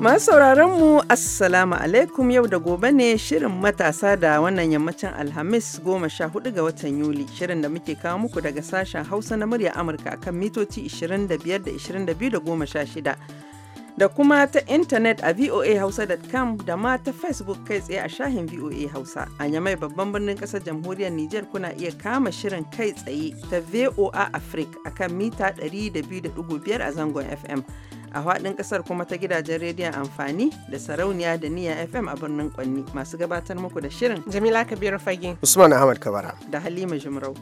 Masu sauraron mu Assalamu alaikum yau da gobe ne shirin matasa da wannan yammacin Alhamis goma sha hudu ga watan Yuli shirin da muke kawo muku daga sashen Hausa na murya Amurka kan mitoci 25 da 22 da goma sha shida. Da kuma ta intanet a voahausa.com da ma ta Facebook kai tsaye a shahin VOA Hausa. A Yamai babban birnin ƙasar jamhuriyar Nijar kuna iya kama shirin kai tsaye ta VOA Africa akan mita 102.5 a zangon FM. a faɗin ƙasar kuma ta gidajen rediyon amfani da sarauniya da niya fm a birnin kwanni masu gabatar muku da shirin jamila kabiru fage usman ahmad kabara da halima jimrau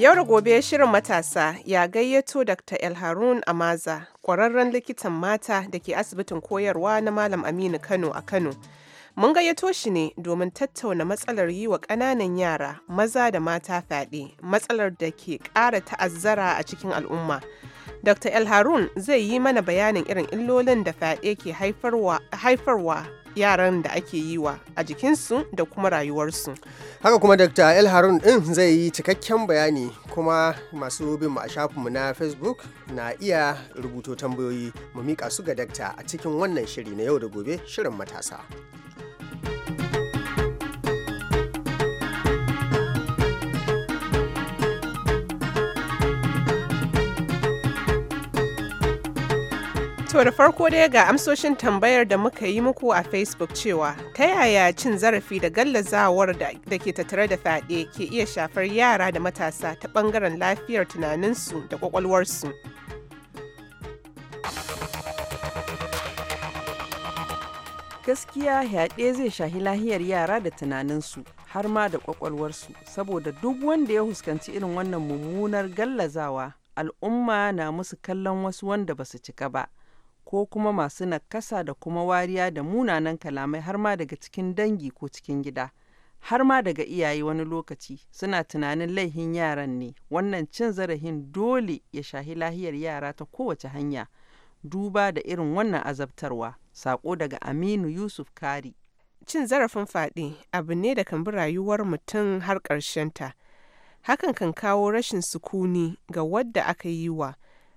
Yau da gobe shirin matasa ya gayyato Dr. El Harun Amaza, ƙwararren likitan mata da ke asibitin koyarwa na Malam Aminu Kano a Kano. Mun gayyato shi ne domin tattauna matsalar yi wa ƙananan yara maza da mata fyaɗe matsalar da ke ƙara ta'azzara a cikin al'umma. Dr. El Harun zai yi mana bayanin irin illolin da fyaɗe ke haifarwa yaran da ake yi wa a jikinsu da kuma rayuwarsu. Haka kuma Dr. El Harun ɗin zai yi cikakken bayani kuma masu bin mu a shafinmu na Facebook na iya rubuto tambayoyi mu miƙa su ga dakta a cikin wannan shiri na yau da gobe shirin matasa. To da farko dai ga amsoshin tambayar da muka yi muku a Facebook cewa ta yaya cin zarafi da gallazawar da ke tattare da fyaɗe ke iya shafar yara da matasa ta ɓangaren lafiyar tunaninsu da ƙwaƙwalwarsu. Gaskiya yaɗe zai shahi lahiyar yara da tunaninsu har ma da ƙwaƙwalwarsu saboda duk wanda ya huskanci irin wannan mummunar gallazawa al'umma na musu kallon wasu wanda ba su cika ba. ko kuma masu nakasa da kuma wariya da munanan kalamai har ma daga cikin dangi ko cikin gida har ma daga iyaye wani lokaci suna tunanin laihin yaran ne wannan cin zarafin dole ya shahi lahiyar yara ta kowace hanya duba da irin wannan azabtarwa sako daga aminu yusuf kari cin zarafin fadi abu ne da kan bi rayuwar mutum har ta hakan kan kawo rashin sukuni ga wadda aka yi wa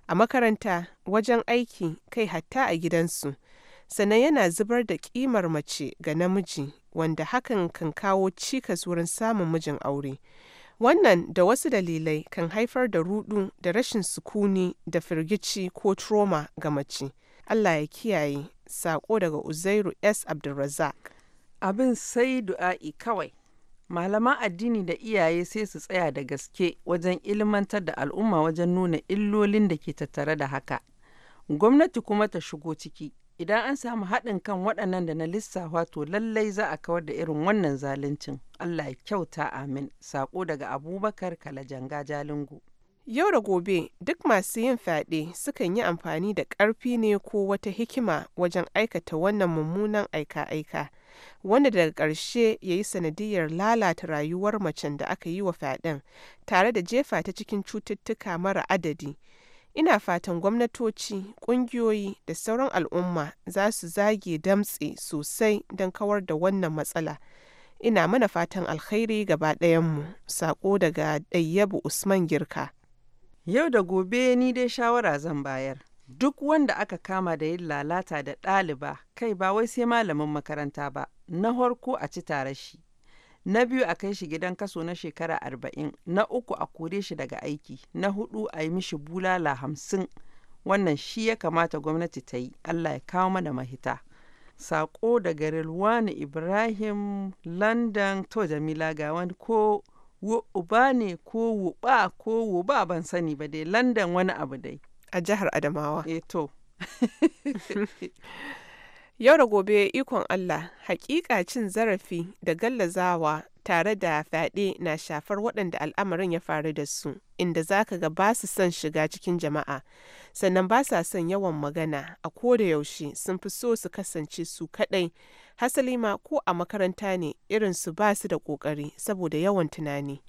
a makaranta, wajen aiki, kai hatta a gidansu, sannan yana zubar da ƙimar mace ga namiji wanda hakan kan kawo cikas wurin samun mijin aure. Wannan da wasu dalilai kan haifar da rudu da rashin sukuni da firgici ko troma ga mace. Allah ya kiyaye, saƙo daga Uzairu S. Abdulrazak. Abin sai du'a'i kawai. Malaman addini da iyaye sai su tsaya da gaske wajen ilmantar da al'umma wajen nuna illolin da ke tattare da haka, gwamnati kuma ta shigo ciki, idan an samu haɗin kan waɗannan da na lissafa to lallai za a kawar da irin wannan zaluncin, Allah ya kyauta amin, saƙo daga Abubakar Kalajanga Jalingo. Yau da gobe duk masu yin fyaɗe sukan yi amfani da ƙarfi ne ko wata hikima wajen aikata wannan mummunan aika-aika. wanda daga ƙarshe ya yi sanadiyar lalata rayuwar macen da aka yi wa fyaɗen tare da jefa ta cikin cututtuka mara adadi. Ina fatan gwamnatoci, ƙungiyoyi da sauran al'umma za su zage damtse sosai don kawar da wannan matsala. Ina mana fatan alkhairi gaba ɗayanmu, saƙo daga Ɗayyabu Usman Girka. Yau da gobe ni dai shawara zan bayar. Duk wanda aka kama da yin lalata da ɗaliba, kai ba wai sai malamin makaranta ba, na farko a ci tare shi na biyu a kai shi gidan kaso na shekara arba'in na uku a kore shi daga aiki na hudu a yi mishi bulala hamsin wannan shi ya kamata gwamnati ta yi allah ya kawo mana mahita sako daga rilwani ibrahim london to jamila ga wani ko uba ne ko wuba ko wuba ban sani ba dai london wani abu dai a jihar adamawa eh, to Yau da gobe ikon Allah, hakika cin zarafi da gallazawa tare da fyaɗe na shafar waɗanda al'amarin ya faru da su, inda za ka ga ba su son shiga cikin jama'a, sannan ba sa son yawan magana a ko da yaushe sun fi so su kasance su kaɗai, hasali ma ko a makaranta ne irin su ba su da ƙoƙari saboda yawan tunani.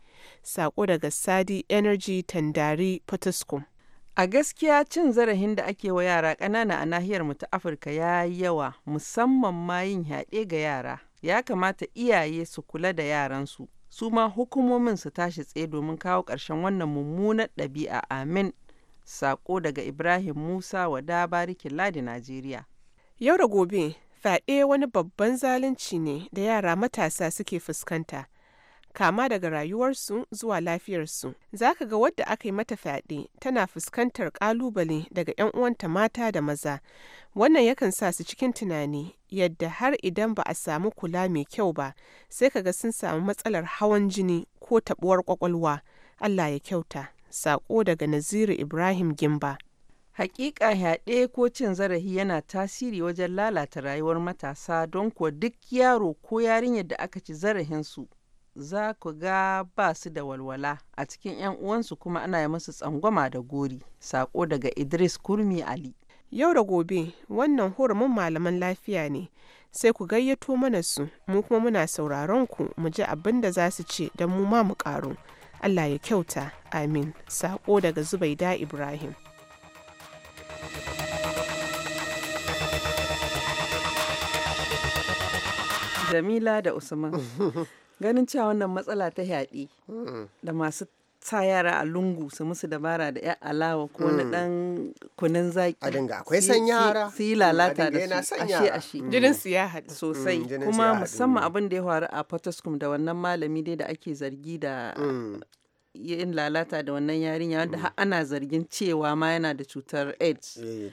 Sako daga Sadi Energy Tandari Potoskum. A gaskiya cin zarafin da ake wa yara ƙanana a nahiyar mu ta Afirka ya yawa musamman ma yin yaɗe ga yara. Ya kamata iyaye su kula da yaran su ma hukumomin su tashi tsaye domin kawo ƙarshen wannan mummunan ɗabi'a amin. Sako daga Ibrahim Musa wa Dabarikin Ladi Najeriya. Yau da gobe, fyaɗe wani babban zalunci ne da yara matasa suke fuskanta. kama daga rayuwarsu zuwa lafiyarsu. Za ka ga wadda aka yi mata fyaɗe tana fuskantar ƙalubale daga 'yan uwanta mata da maza. Wannan yakan sa su cikin tunani yadda har idan ba a samu kula mai kyau ba sai ka ga sun samu matsalar hawan jini ko taɓuwar ƙwaƙwalwa. Allah ya kyauta. Saƙo daga Naziru Ibrahim Gimba. Hakika yaɗe ko cin zarafi yana tasiri wajen lalata rayuwar matasa don kuwa duk yaro ko yarinyar da aka ci zarafinsu za ku ga ba su da walwala a cikin 'yan uwansu kuma ana yi musu tsangwama da gori sako daga idris kurmi ali yau da gobe wannan hurumin malaman lafiya ne sai ku gayyato mana su mu kuma muna sauraron ku mu ji abin da za su ce don mu ma mu ƙaru allah ya kyauta amin sako daga zubaida ibrahim Jamila da Usman. ganin cewa wannan matsala ta yaɗe da masu sa yara a lungu su musu dabara da 'yan alawa ko na dan mm. kunin zaki a dinga akwai san su yi lalata da su ashe ashe mm. jinin su ya haɗu mm, sosai kuma musamman abin da ya faru a Potoskum da wannan malami dai da ake zargi da yin lalata da wannan yarinya wanda har mm. ana zargin cewa ma yana da cutar AIDS. Eh,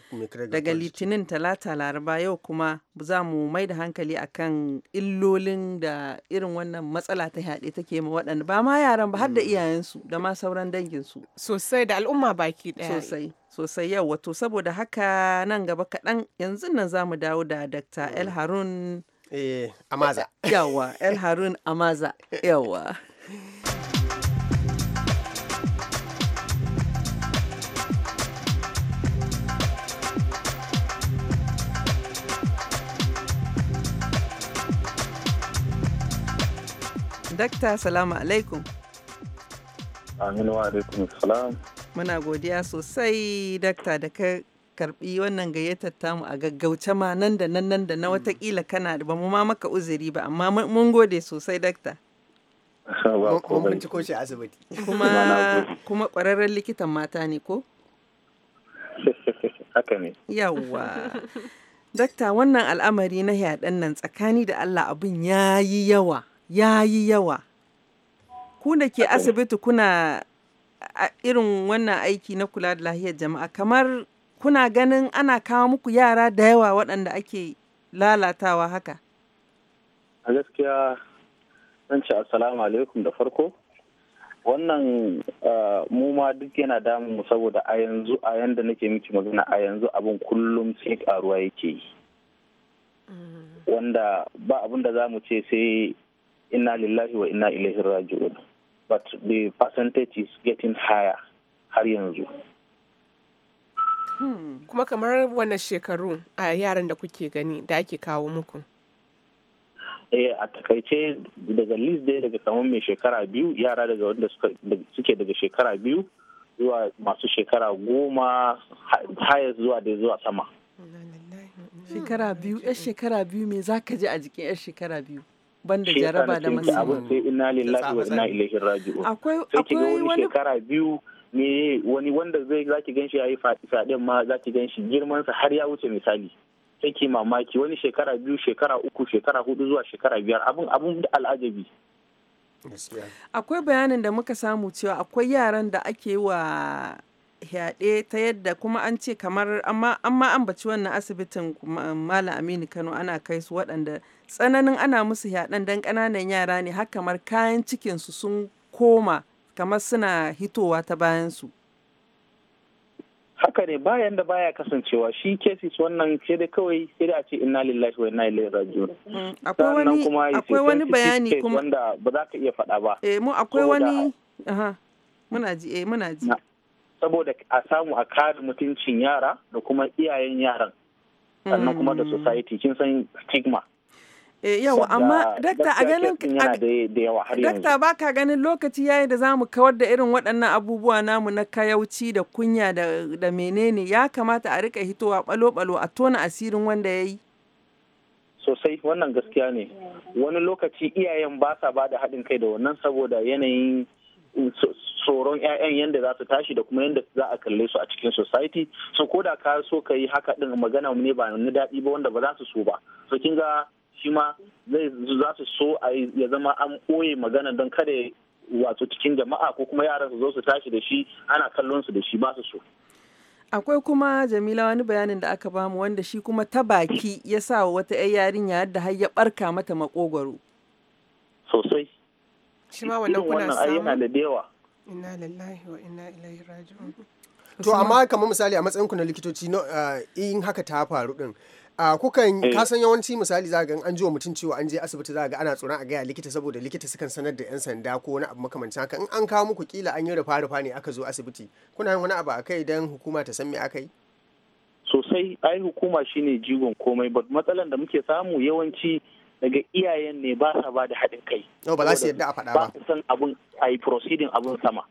Daga Litinin Talata Laraba yau kuma za mu mai da hankali akan illolin da irin wannan matsala ta yaɗe take ma waɗanda ba ma yaran ba har da mm. iyayensu da ma sauran danginsu. Sosai da al'umma baki ɗaya. Sosai. sosai yau wato saboda haka nan gaba kaɗan yanzu nan za mu dawo da Dr. Mm. Eh, El Harun Amaza. Yawa, El Harun Amaza. Yawa. dakta salamu alaikum aminu wa alaikum salam muna godiya sosai dakta da ka karbi wannan gayyatar tamu a gaggauce ma nan da nan nan da na watakila kana da ba mu ma maka uzuri ba amma mun gode sosai dakta kuma kuma kwararren likitan mata ne ko haka ne yawwa dakta wannan al'amari na yaɗan nan tsakani da Allah abin ya yi yawa ya yi yawa ku da ke asibiti kuna irin wannan aiki na kula da lahiyar jama'a kamar kuna ganin ana kawo muku yara da yawa waɗanda ake lalatawa haka a gaskiya zan ce assalamu alaikum da farko wannan mu ma duk yana damun mu saboda a yanzu a yanda nake miki magana a yanzu abin kullum sai karuwa yake yi mm. wanda ba abin da za mu ce sai inna lillahi wa inna ilaihi raji'un but the percentage is getting higher har yanzu hmm. kuma kamar wannan shekaru a yaran da kuke gani da ake kawo muku eh, a takaice daga list dai daga kamar mai shekara biyu yara daga wanda suke daga shekara biyu zuwa masu shekara goma highest zuwa dai zuwa sama shekara biyu yar shekara biyu me za ka ji a jikin yar shekara biyu banda jaraba da masu abin sai inna lillahi wa inna ilaihi raji'un sai ki wani shekara biyu ne wani wanda zai zaki ganshi yayi fadin ma zaki ganshi girman sa har ya wuce misali sai ki mamaki wani shekara biyu shekara uku shekara hudu zuwa shekara biyar abun abun al'ajabi akwai bayanin da muka samu cewa akwai yaran da ake wa yaɗe ta yadda kuma an ce kamar amma an baci wannan asibitin Malam Aminu Kano ana kai su waɗanda tsananin ana musu yaɗen don ƙananan yara ne har kamar kayan cikinsu sun koma kamar suna hitowa ta bayansu. haka ne bayan da baya kasancewa shi cases wannan sai dai kawai sai dai a ce inna lillahi wa inna ilaihi raji'un mm, akwai wani akwai wani bayani kuma wanda ba za ka iya faɗa ba eh mu akwai wani aha muna ji eh muna ji saboda a samu a kare mutuncin yara da kuma iyayen yaran sannan kuma da mm. society kin san stigma eh, yawa amma dakta a ganin dakta ba ka ganin lokaci yayi da zamu kawar da irin waɗannan abubuwa namu na kayauci da kunya da, menene ya kamata a rika hitowa balo-balo a tona asirin wanda ya yi sosai wannan gaskiya ne wani lokaci iyayen ba sa ba da haɗin kai da wannan saboda yanayin tsoron 'ya'yan yadda za su tashi da kuma yadda za a kalle su a cikin society so ko da ka so ka yi haka din magana ne ba na daɗi ba wanda ba za su so ba so kin ga shi ma zai za su so a ya zama an ɓoye magana don kada wato cikin jama'a ko kuma yaran su zo su tashi da shi ana kallon su da shi ba su so akwai kuma jamila wani bayanin da aka bamu wanda shi kuma ta baki ya sa wata 'yar yarinya yadda har ya barka mata makogwaro sosai shi ma wannan kuna samu wa inna ilaihi raji'un to amma kamar misali a matsayin ku na likitoci eh, in haka ta faru din a kukan eh. kasan yawanci misali za ga an ji wa mutum cewa an je asibiti za ga ana tsoron a gaya likita saboda likita sukan sanar da yan sanda ko wani abu makamancin haka in an kawo muku kila an yi rufa rufa ne aka zo asibiti kuna yin wani abu akai dan hukuma ta san me aka yi sosai ai hukuma shine jigon komai matsalan da muke samu yawanci daga iyayen ne ba sa ba da haɗin kai. No, ba za su yadda a faɗa ba. Ba su abun a yi proceeding abun sama.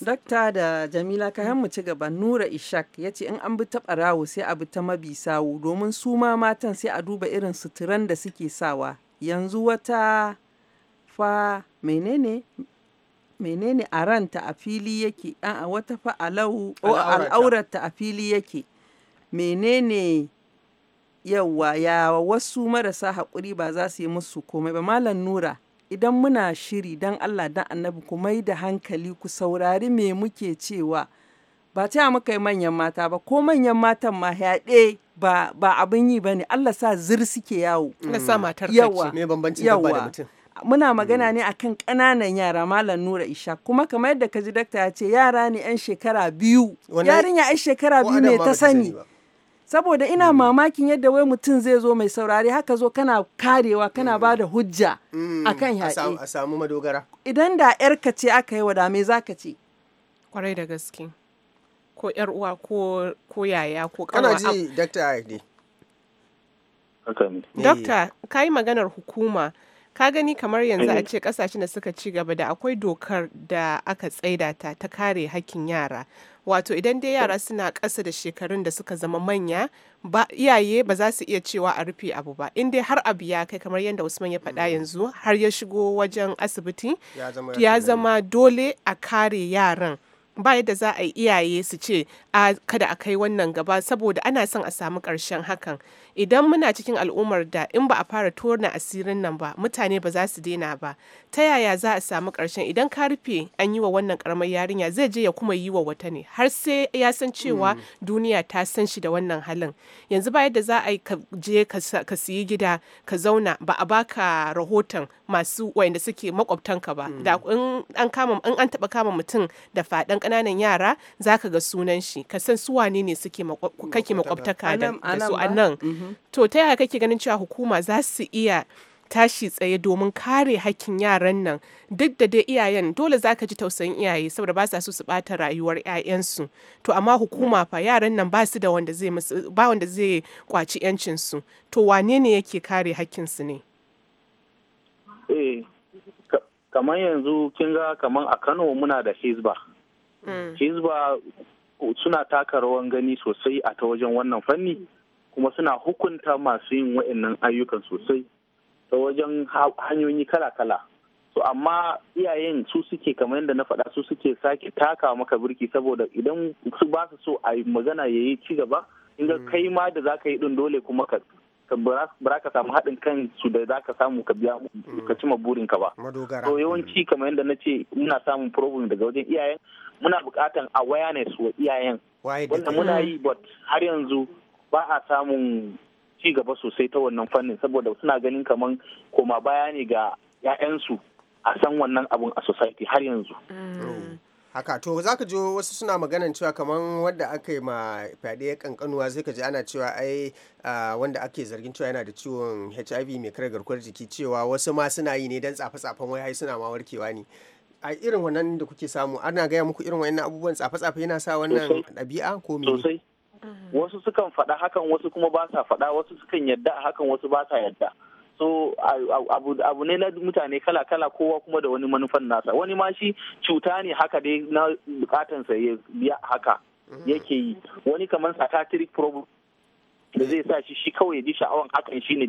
dokta da Jamila kayan mu ci gaba Nura Ishak ya ce in an bi ta ɓarawo sai a bi ta mabi sawu domin su ma matan sai a duba irin suturan da suke sawa. Yanzu wata fa menene menene a ranta a fili yake a wata fa alau al'aurarta a fili yake menene yawa ya wasu marasa haƙuri ba za su yi musu komai ba malam nura idan muna shiri don allah don annabi ku mai da hankali ku saurari me muke cewa ba ta muka yi manyan mata ba ko manyan matan ma yaɗe ba abin yi ba ne allah sa zir suke yawo mm. sa matar yawa me bambanci da mutum muna magana mm. ne akan ƙananan yara malam nura isha kuma kamar yadda ka ji dakta ya ce yara ne yan shekara biyu yarinya yan shekara biyu ne ta sani saboda ina mm. mamakin yadda wai mutum zai zo mai saurari haka zo kana karewa kana mm. ba da hujja mm. akan yaƙi a samu madogara idan da yarka ce aka yi wada za zaka ce kwarai da gaske ko yar uwa ko yaya ko kana ji dakta ne eh. dakta yi maganar hukuma ka gani kamar yanzu eh. a ce kasashen da suka ci gaba da akwai dokar da aka tsaida ta ta kare hakkin yara wato idan dai yara eh. suna ƙasa da shekarun da suka zama manya ba iyaye ba za su iya cewa a rufe abu ba in dai har abu ya kai kamar yadda usman ya faɗa mm. yanzu har ya shigo wajen asibiti ya zama dole a kare yaran ba yadda za a iyaye su ce a kada a kai wannan gaba saboda ana son a samu ƙarshen hakan idan muna cikin al'ummar da in ba a fara tona asirin nan ba mutane ba za su daina ba ta yaya za a samu karshen idan ka rufe an yi wa wannan karamar yarinya zai je ya kuma yi wa wata ne har sai ya san cewa mm. duniya ta san shi da wannan halin yanzu ba yadda za a yi je ka siyi gida ka zauna ba a baka rahoton masu wayanda suke makwabtanka ba da mm. in an kama in an taba kama mutum da fadan kananan yara za ka ga sunan shi ka san su wane ne suke kake makwabtaka da su a nan mm-hmm. to ta yaya kake ganin cewa hukuma za su iya tashi tsaye domin kare hakkin yaran nan duk da dai iyayen dole za ka ji tausayin iyaye saboda ba sa so su bata rayuwar ƴaƴansu to amma hukuma fa yaran nan ba su da wanda zai ba wanda zai kwaci su to wane ne yake kare hakkin su ne eh kamar yanzu kin ga kamar a Kano muna da Hizba mm. Hizba suna taka rawan gani sosai a ta wajen wannan fanni kuma suna hukunta masu yin waɗannan ayyukan sosai ta wajen hanyoyi kala-kala so amma iyayen su suke kamar yadda na faɗa su suke sake taka maka birki saboda idan su ba su so a magana ya yi ci gaba in ga mm. kai ma da za ka yi ɗin dole kuma ka ba ka samu haɗin kan su da za ka samu ka biya mm. ka cima ka ba to yawanci kamar yadda na ce muna samun problem daga wajen iyayen muna buƙatan awareness wa iyayen wanda muna yi but har yanzu ba a samun ci gaba sosai ta wannan fannin saboda suna ganin kaman koma baya ne ga 'ya'yansu a san wannan abun a society har yanzu. Ah. haka to za ka ji wasu suna maganan cewa kamar wanda aka yi ma fyaɗe kankanuwa sai ka ji ana cewa ai ah, wanda ake zargin cewa yana da ciwon hiv mai kare garkuwar jiki cewa wasu ma suna yi ne don tsafe-tsafen wai suna ma warkewa ne a irin wannan da kuke samu ana gaya muku irin wannan abubuwan tsafe-tsafe yana sa wannan ɗabi'a ko mene? Mm-hmm. wasu sukan faɗa hakan wasu kuma ba sa faɗa wasu sukan yadda hakan wasu ba sa yadda so abu ne na mutane kala-kala kowa kuma da wani manufan nasa wani ma shi cuta ne haka dai na bukatansa ya haka mm-hmm. yake yi wani kamar psychiatric problem da zai sa shi shi kawai ji sha'awan hakan shine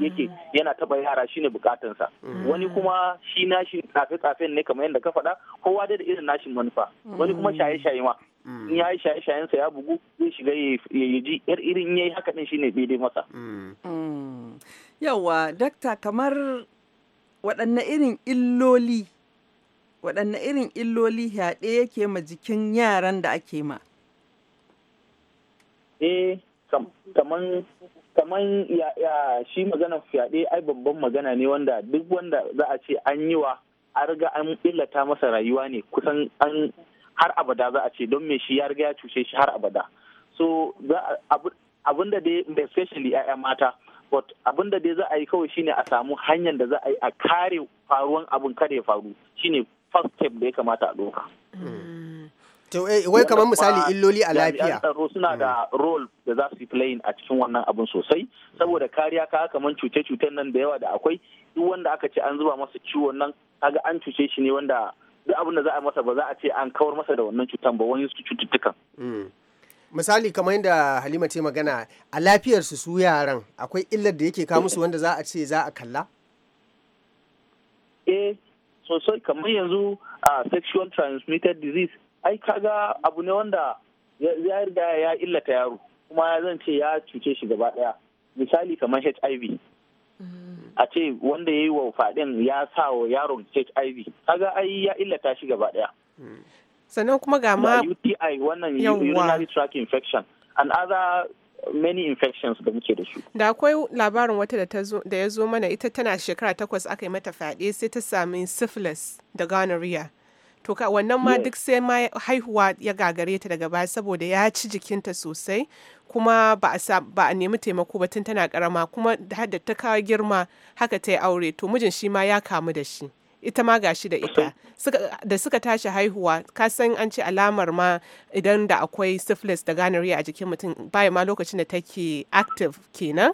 yake mm-hmm. yana taba yara shine bukatansa wani kuma shi nashi tsafe-tsafen ne kamar yadda ka faɗa kowa da irin nashin manufa wani kuma shaye-shaye ma Mm. in ya yi shaye-shayensa ya bugu zai shiga ya ji yar irin yayi haka din shine daidai masa mm. mm. yawa dakta kamar waɗanne irin illoli waɗanne irin illoli yaɗe yake ma jikin yaran da ake ma eh kaman kaman ya, shi magana fyaɗe ai babban magana ne wanda duk wanda za a ce an yi wa a riga an illata masa rayuwa ne kusan an har abada za a ce don me shi ya riga ya cuce shi har abada so abin da dai especially 'ya'ya mata but abin da dai za a yi kawai shine a samu hanyar da za a yi a kare faruwan abin kare faru shine first step da ya kamata a doka. Hmm. Eh, wai kamar misali illoli a lafiya. tsaro suna da hmm. role da za su yi playing a cikin wannan abin sosai saboda kariya ka kamar cuce cuten nan da yawa da akwai duk wanda aka ce an zuba masa ciwon nan kaga an cuce shi ne wanda duk abin da za a masa ba za a ce an kawar masa da wannan cutan ba wani su cututtukan. Hmm. misali kamar yadda halima ce magana a lafiyarsu su yaran akwai illar da yake kawo musu wanda za a ce za a kalla? eh sosai kamar yanzu a sexual transmitted disease ai kaga abu ne wanda ya riga ya illata yaro kuma zan ce ya cuce shi gaba daya misali kamar hiv hmm. a ce wanda ya yi wa faɗin ya sa wa yaron hiv kaga ai ya illata shi gaba ɗaya sannan kuma ga ma uti wannan urinary tract infection and other many infections da muke da shi. Da akwai labarin wata da ya zo mana ita tana shekara takwas aka yi mata fyaɗe sai ta sami syphilis da gonorrhea. To wannan ma duk sai ma haihuwa ya gagare ta daga baya saboda ya ci jikinta sosai kuma ba a nemi taimako ba tun tana karama kuma da ta kawo girma haka ta yi aure to mijin shi ma ya kamu da shi ita ma gashi da ita da suka tashi haihuwa ka san an ce alamar ma idan da akwai syphilis da gonorrhea a jikin mutum baya ma lokacin da take active kenan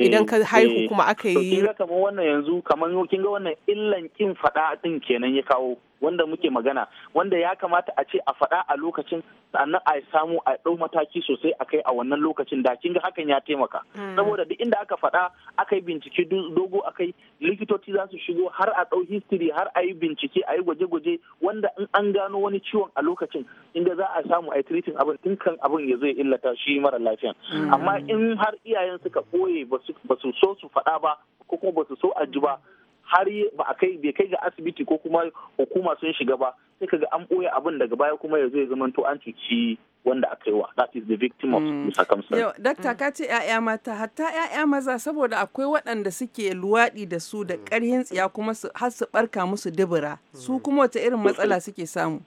idan eh, ka haihu eh. kuma aka yi kamar wannan yanzu kamar kin ga wannan illan kin faɗa din kenan ya kawo wanda muke magana wanda ya kamata a ce a faɗa a lokacin sannan a samu a ɗau mataki sosai a kai a wannan lokacin da kin ga hakan ya taimaka hmm. saboda duk inda aka faɗa aka yi bincike dogo akai likitoci za su shigo har a ɗau history har a yi bincike a yi gwaje-gwaje wanda in an gano wani ciwon a lokacin inda za a samu a yi treating abin tun kan abin ya zo illata shi mara lafiyan hmm. amma in har iyayen suka ɓoye ba su so su faɗa ba ko kuma ba su so a ji ba har ba kai bai kai ga asibiti ko kuma hukuma sun shiga ba sai kaga an ɓoye abin daga baya kuma yanzu ya zama to an cuci wanda aka yi wa that is the victim of mm. circumstance. Yau, dakta mm. ka ce ‘ya'ya mata, hatta ‘ya'ya maza saboda akwai waɗanda suke luwaɗi da su da mm. ƙarhin tsiya kuma su har su barka musu dubura. Su kuma wata irin matsala suke samu?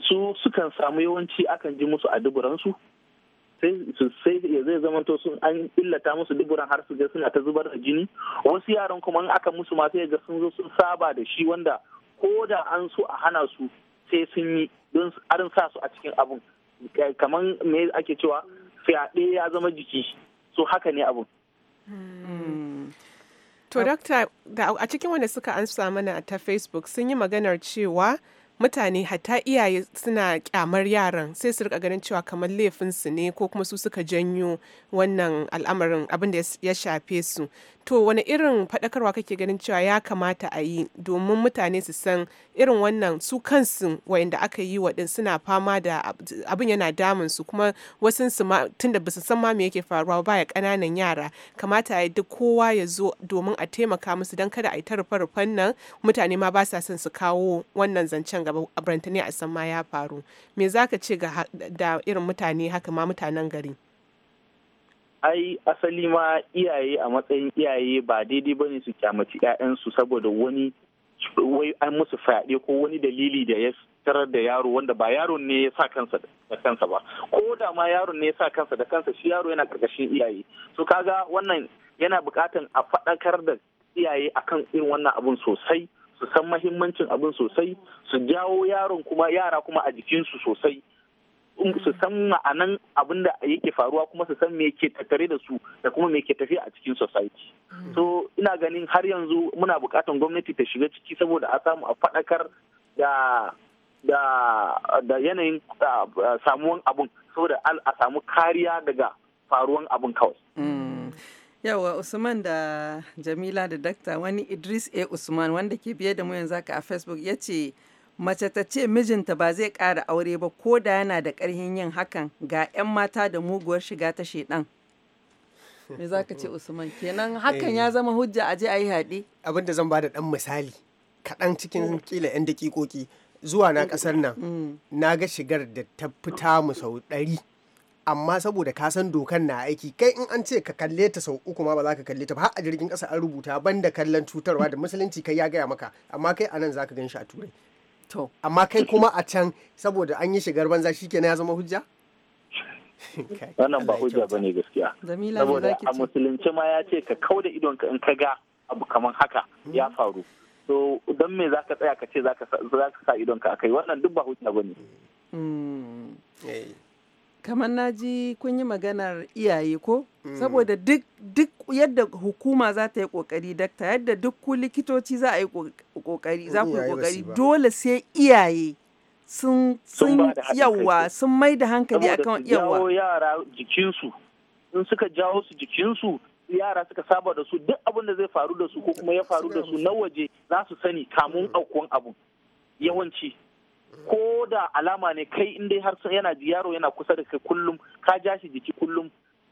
Su sukan samu yawanci akan ji musu a duburansu sai ya zai zamanto sun an illata musu duburan har su ga suna ta zubar da jini wasu yaran kuma in aka musu ma sai ga sun zo sun saba da shi wanda ko da an so a hana su sai sun yi don arin sa su a cikin abun kamar me ake cewa fyaɗe ya zama jiki so haka ne abun hmm. to dokta a cikin wanda suka ansa mana ta facebook sun yi maganar cewa mutane hatta iyaye suna kyamar yaran sai su rika ganin cewa kamar laifin su ne ko kuma su suka janyo wannan al'amarin abin da ya shafe su to wani irin faɗakarwa kake ganin cewa ya kamata a yi domin mutane su san irin wannan su kansu wayanda aka yi waɗin suna fama da abin yana damun su kuma wasu su ma tunda basu san ma me yake faruwa ba ya ƙananan yara kamata a yi duk kowa ya zo domin a taimaka musu don kada a yi ta rufe-rufen nan mutane ma ba sa son su kawo wannan zancen gaba a brantani a san ma ya faru me za ka ce da irin mutane haka ma mutanen gari ai asali ma iyaye a matsayin iyaye ba daidai bane su kyamaci 'ya'yansu saboda wani wai an musu fyaɗe ko wani dalili da ya tarar da yaro wanda ba yaron ne ya sa kansa da kansa ba ko da ma yaron ne ya sa kansa da kansa shi yaro yana karkashin iyaye so kaga wannan yana bukatan a faɗakar da iyaye akan irin wannan abun sosai su san mahimmancin abin sosai su jawo yaron kuma yara kuma a jikinsu sosai um, su san ma'anan abin da yake faruwa kuma su san me ke tattare da su da kuma me ke tafiya a cikin society mm. so ina ganin har yanzu muna bukatan gwamnati ta shiga ciki saboda a samu a faɗakar da da yanayin uh, samuwan abun saboda a samu kariya daga faruwan abun kawai mm. Yawa Usman da Jamila da Dakta wani Idris A. Usman wanda ke biye da mu yanzu haka a Facebook ya ce mace ta ce mijinta ba zai ƙara aure ba ko da yana da ƙarhin yin hakan ga 'yan mata da muguwar shiga ta shedan. Me za ka ce Usman kenan hakan ya eh. zama hujja a je a yi haɗe? Abin da zan ba da ɗan misali kaɗan cikin kila 'yan daƙiƙoƙi zuwa na mm. ƙasar nan mm. na ga shigar da ta fita mu sau ɗari. amma saboda ka san dokan na aiki kai in an ce ka kalle ta sau uku ma ba za ka kalle ta ba har a jirgin kasa an rubuta banda kallon cutarwa da musulunci kai ya gaya maka amma kai anan za ka gan shi a turai to amma kai kuma a can saboda an yi shigar banza shi kenan ya zama hujja wannan ba hujja bane gaskiya saboda a musulunci ma ya ce ka da idon ka in ka ga abu kamar haka hmm? ya faru to don me zaka tsaya ka ce zaka sa idon ka akai wannan duk ba hujja bane hmm. eh. kamar na ji kun yi maganar iyaye ko mm. saboda duk yadda hukuma za ta yi kokari dakta yadda duk ku likitoci za a yi kokari za ku yi kokari dole sai iyaye sun sun yawa sun mai da hankali akan yawa jawo in suka jawo su jikinsu yara suka saba da su duk abin da zai faru da su ko kuma ya faru da su na waje za su sani kamun mm. aukuwan abu yawanci ko da alama ne kai in dai har yana yaro yana kusa da kai kullum ka ja shi jiki kullum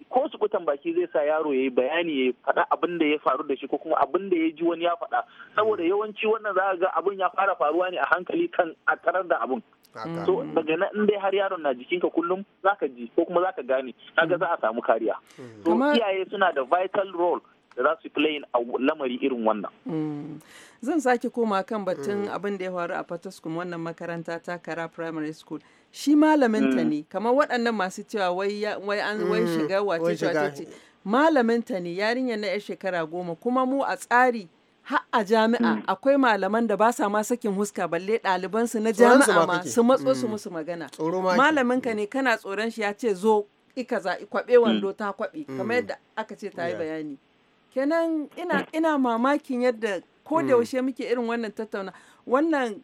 ko su kutan baki zai sa yaro ya yi bayani ya faɗa abin da ya faru da shi ko kuma abin da ya ji wani ya faɗa saboda yawanci wannan za ga abin ya fara faruwa ne a hankali kan a tarar da abin so daga nan in dai har yaron na jikinka kullum zaka ji ko kuma zaka gane kaga za a samu kariya hmm. so iyaye suna da vital role da za su play a lamari irin wannan. Mm. Zan sake koma kan batun mm. abin da ya faru a Fataskun wannan makaranta ta kara primary school. Shi malaminta mm. ne, kamar waɗannan masu cewa wai an wai shiga wace wace Malaminta ne yarinyar na 'yar shekara goma kuma mu a tsari har a jami'a akwai malaman da ba sa ma sakin huska balle ɗalibansu na jami'a ma su matso su musu magana. Malaminka ne kana tsoron shi ya ce zo ika za kwaɓe wando ta kwaɓe kamar yadda aka ce ta yi bayani. kenan ina mm. ina mamakin yadda ko da mm. yaushe muke irin wannan tattauna wannan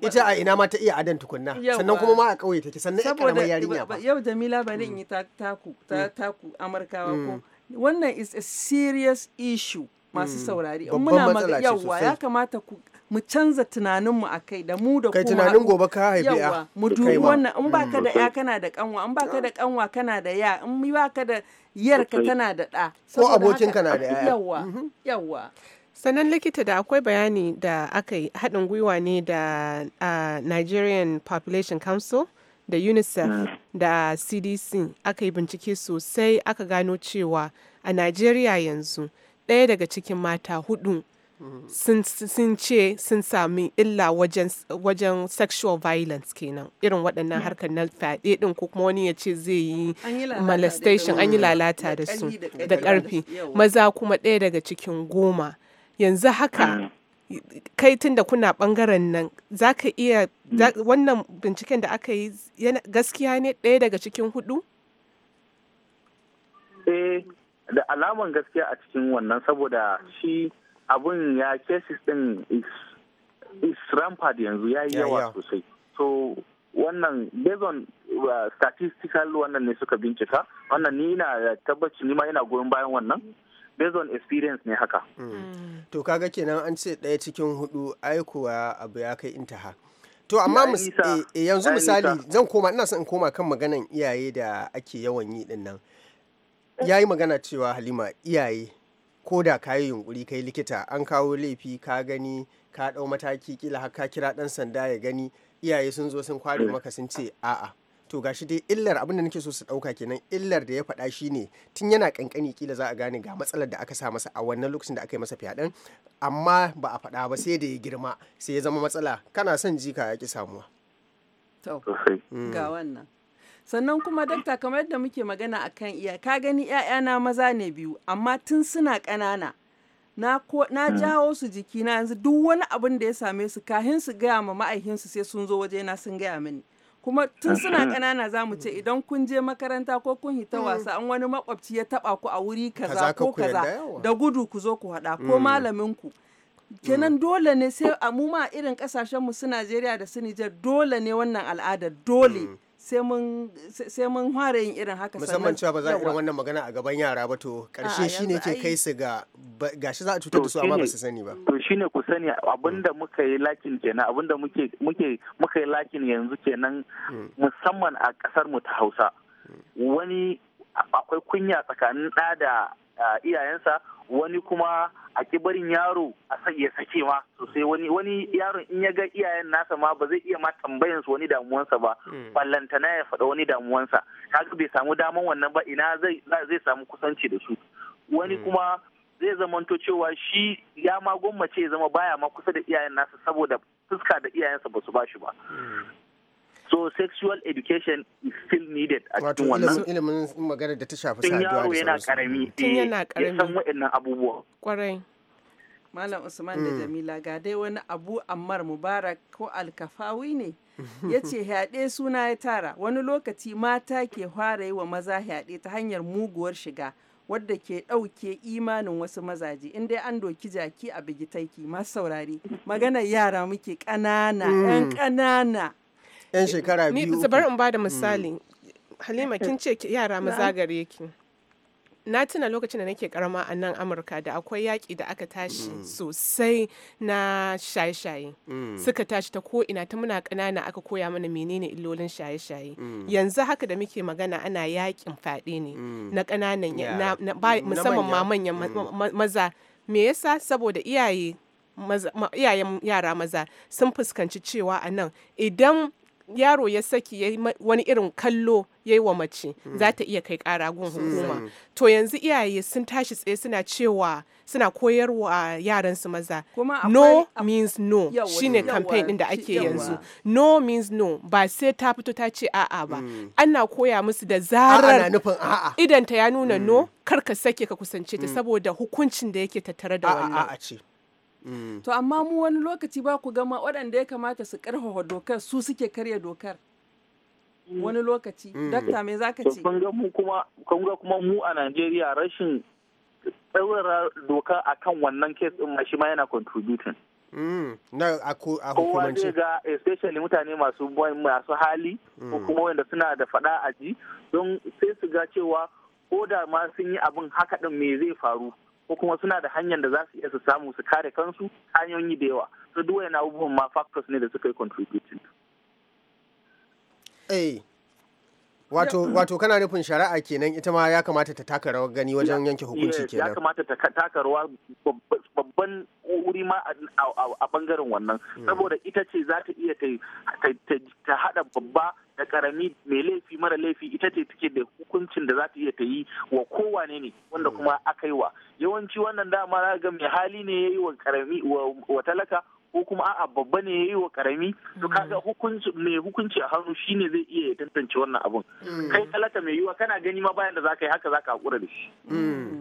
ita a ina ma ta iya adan tukunna sannan kuma ma a ƙauye take sannan ita karamar yarinya ba yau Jamila bari in mm. yi taku taku Amurkawa ko wannan is a serious issue masu saurari muna magana yawa ya kamata ku mu canza tunaninmu a kai da mu da kai tunanin gobe ka haife ya mu dubi wannan in baka da mm, ya kana da kanwa in baka da ah. kanwa kana da ya in baka da yarka tana da ɗa ko abokin kana da ya yawa mhm. yawa sannan likita da akwai bayani da aka yi haɗin gwiwa ne da nigerian population council da unicef da cdc aka yi bincike sosai aka gano cewa a nigeria yanzu ɗaya daga cikin mata hudu sun ce sun sami illa wajen sexual violence kenan irin waɗannan harkar na fyaɗe ɗin ko kuma wani ya ce zai yi molestation an yi lalata da su da ƙarfi maza kuma ɗaya daga cikin goma yanzu haka kai tun da kuna ɓangaren nan za ka iya wannan binciken da aka yi gaskiya ne ɗaya daga cikin hudu? Eh, da alaman gaskiya a cikin wannan saboda shi abun ya cases din is rampant yanzu ya yi yawa sosai so wannan bezon uh, statistical wannan ne suka bincika wannan ni ina tabbaci ni ma ina goyon bayan wannan based on experience ne haka. Mm. Mm. To kaga kenan an ce ɗaya cikin hudu aikowa abu ya kai intaha. To amma eh, eh, yanzu misali zan koma ina son in koma kan maganan iyaye da ake yawan yi dinnan nan. Ya magana cewa Halima iyaye ko da ka yi yunkuri kai likita an kawo laifi ka gani ka ɗau mataki kila har ka kira ɗan sanda ya gani iyaye sun zo sun kware maka sun ce a'a to gashi dai illar abin da nake so su ɗauka kenan illar da ya faɗa ne tun yana kankani kila za a gane ga matsalar da aka sa masa a wannan lokacin da aka yi masa fyaɗen amma ba a faɗa ba sai da ya girma sai ya zama matsala kana son jika ya ki samuwa to ga wannan sannan kuma dakta kamar yadda muke magana a kan iya ka gani na maza ne biyu amma tun suna ƙanana na, na hmm. jawo su jiki na yanzu duk wani abin da ya same su kahin su gaya ma ma'aikinsu sai sun zo waje na sun gaya mini kuma tun suna hmm. ƙanana za mu ce idan kun je makaranta ko kun hita hmm. wasa an wani makwabci ya taba ku a wuri kaza ko kaza da gudu ku zo ku haɗa ko malamin ku kenan dole ne sai a mu ma irin kasashen mu su Najeriya da su Nijar dole ne wannan al'adar dole sai mun hware yin irin haka musamman cewa ba za irin wannan magana a gaban yara ba to karshe shi ne ke kai su ga gashi za a cutar da su amma ba su sani ba to shine ku sani abinda muka yi lakin kenan abinda muke muka yi lakin yanzu kenan hmm. musamman a kasar mu ta Hausa hmm. wani akwai kunya tsakanin da ah, iyayensa wani kuma a barin yaro a ya sake ma sosai wani wani yaron in ya ga iyayen nasa ma ba zai iya ma tambayan su wani damuwansa ba hmm. ballantana ya faɗa wani damuwansa kaga bai samu daman wannan ba ina zai zai samu kusanci da su wani hmm. kuma zai zamanto cewa shi ya ma gwammace ya zama baya ma kusa da iyayen nasa saboda fuska da iyayensa ba su ba shi ba hmm. so sexual education is still needed a cikin wannan ilimin magana da ta shafi saduwa da yaro yana karami tun eh, yana karami ya san waɗannan abubuwa kwarai Malam Usman da mm. Jamila ga dai wani abu Ammar Mubarak ko Alkafawi ne ya ce yaɗe suna ya tara wani lokaci mata ke fara yi wa maza yaɗe ta hanyar muguwar shiga wadda ke ɗauke imanin wasu mazaje in dai an doki jaki a bigitaiki masu saurari maganar yara muke ƙanana ƴan mm. ƙanana 'yan shekara biyu zubar in bada mm. misali halima kin ce yara maza gare ki na tuna lokacin da nake karama a nan amurka da akwai yaƙi da aka tashi mm. sosai na shaye-shaye mm. suka tashi ta ko'ina ta muna ƙanana aka koya mana menene illolin shaye-shaye yanzu haka da muke magana ana yaƙin faɗi ne na ƙananan musamman ma manyan maza me yasa saboda iyaye yara maza sun fuskanci cewa a nan idan yaro ya saki ya wani irin kallo ya yi wa mace hmm. za ta iya kai kara gun hukuma to yanzu iyaye sun tashi tsaye suna cewa suna koyarwa yaransu maza no means no shine campaign din da ake yanzu no means no ba sai ta fito ta ce a'a ba hmm. ana koya musu da zarar idan ta ya nuna no hmm. kar ka sake ka kusance ta saboda hukuncin da yake tattare da wannan Mm. to amma mu wani lokaci ba ku gama waɗanda ya kamata su ƙarfafa dokar su suke karya dokar mm. wani lokaci mm. dakta me ka ce kun ga kuma mu a Najeriya rashin tsaurara doka kan wannan kes din ma shi ma yana contributing na a kowa ga especially mutane masu masu hali ko kuma wanda suna da fada a ji don sai su ga cewa ko da ma sun yi abin haka ɗin me zai faru ko kuma suna da hanyar da za su iya su samu su kare kansu hanyoyi da yawa su duk na abubuwan ma factors ne da suka yi contributing eh, wato wato kana nufin shari'a kenan ita ma ya kamata ta taka rawar gani wajen yanke hukunci eh, kenan ya kamata ta taka rawa babban wuri ma a bangaren wannan hmm. saboda ita ce za ta iya ta hada babba da karami mai laifi mara laifi ita ce take da hukuncin da za ta iya ta yi wa kowane ne wanda hmm. kuma aka yi wa yawanci wannan dama ga mai hali ne ya yi wa karami wa talaka ko kuma a'a babba ne yayi wa karami to mm. kaga hukunci mai hukunci a hannu shine zai iya ya tantance wannan abun mm. kai talata mai yiwa kana gani ma bayan da zaka yi haka zaka hakura da shi mm.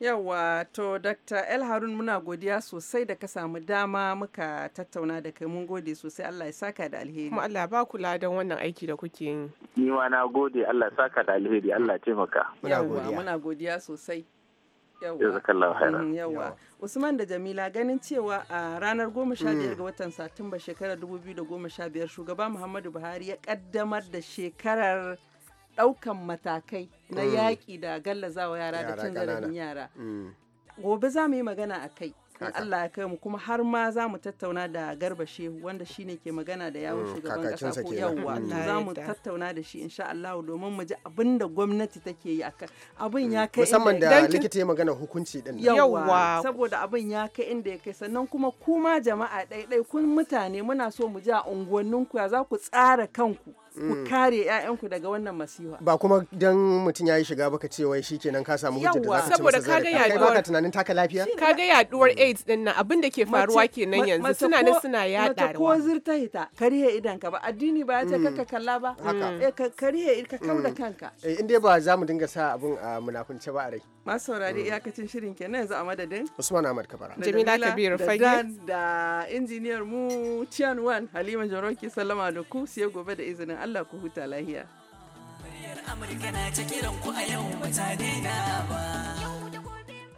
Yawa to Dr. El Harun muna godiya sosai da ka samu dama muka tattauna da kai mun gode sosai Allah ya saka da alheri. Kuma Allah ba kula don wannan aiki da kuke yi. Ni ma na gode Allah saka da alheri Allah taimaka. Muna godiya sosai. yawa mm-hmm, usman da jamila ganin cewa a ranar 15 ga mm. watan satumba shekarar 2015 shugaba muhammadu buhari ya kaddamar da shekarar daukan matakai na mm. yaƙi da gallazawa yara da cin zarafin yara mm. gobe za mu yi magana a kai Allah ya kai mu kuma har ma za mu tattauna da Garba Shehu wanda shine ke magana da yawon mm, shugaban kasa ko yawwa mm. za mu tattauna da shi insha Allah domin mu ji abin da gwamnati take yi akan abin mm. ya kai musamman da likita ya magana hukunci din yawwa saboda abin ya kai inda ya kai sannan kuma kuma jama'a ɗaiɗai kun mutane muna so mu ji a unguwannin ku ya za ku tsara kanku ku mm. kare ƴaƴanku daga wannan masifa ba kuma dan mutum ya yi shiga baka ce wai shikenan ka samu hujja da zaka ci masa zarafi kai baka tunanin taka lafiya kaga yaduwar mm. AIDS din nan abin da ke faruwa kenan yanzu suna ne suna yadarwa ko zurta hita kariya idan ka ba addini ba ya ce ka mm. kalla ba eh karihe ka kauda kanka eh inda ba za mu dinga sa abun a munafunce ba a rai masu saurari iyakacin shirin kenan yanzu a madadin Usman Ahmad Kabara Jamila Kabiru Fage da injiniyar mu Tian Wan Halima Jaroki sallama da ku sai gobe da izinin Allah ku huta lahiya. Muryar Amurka na ta kiran ku a yau ba ta daina ba.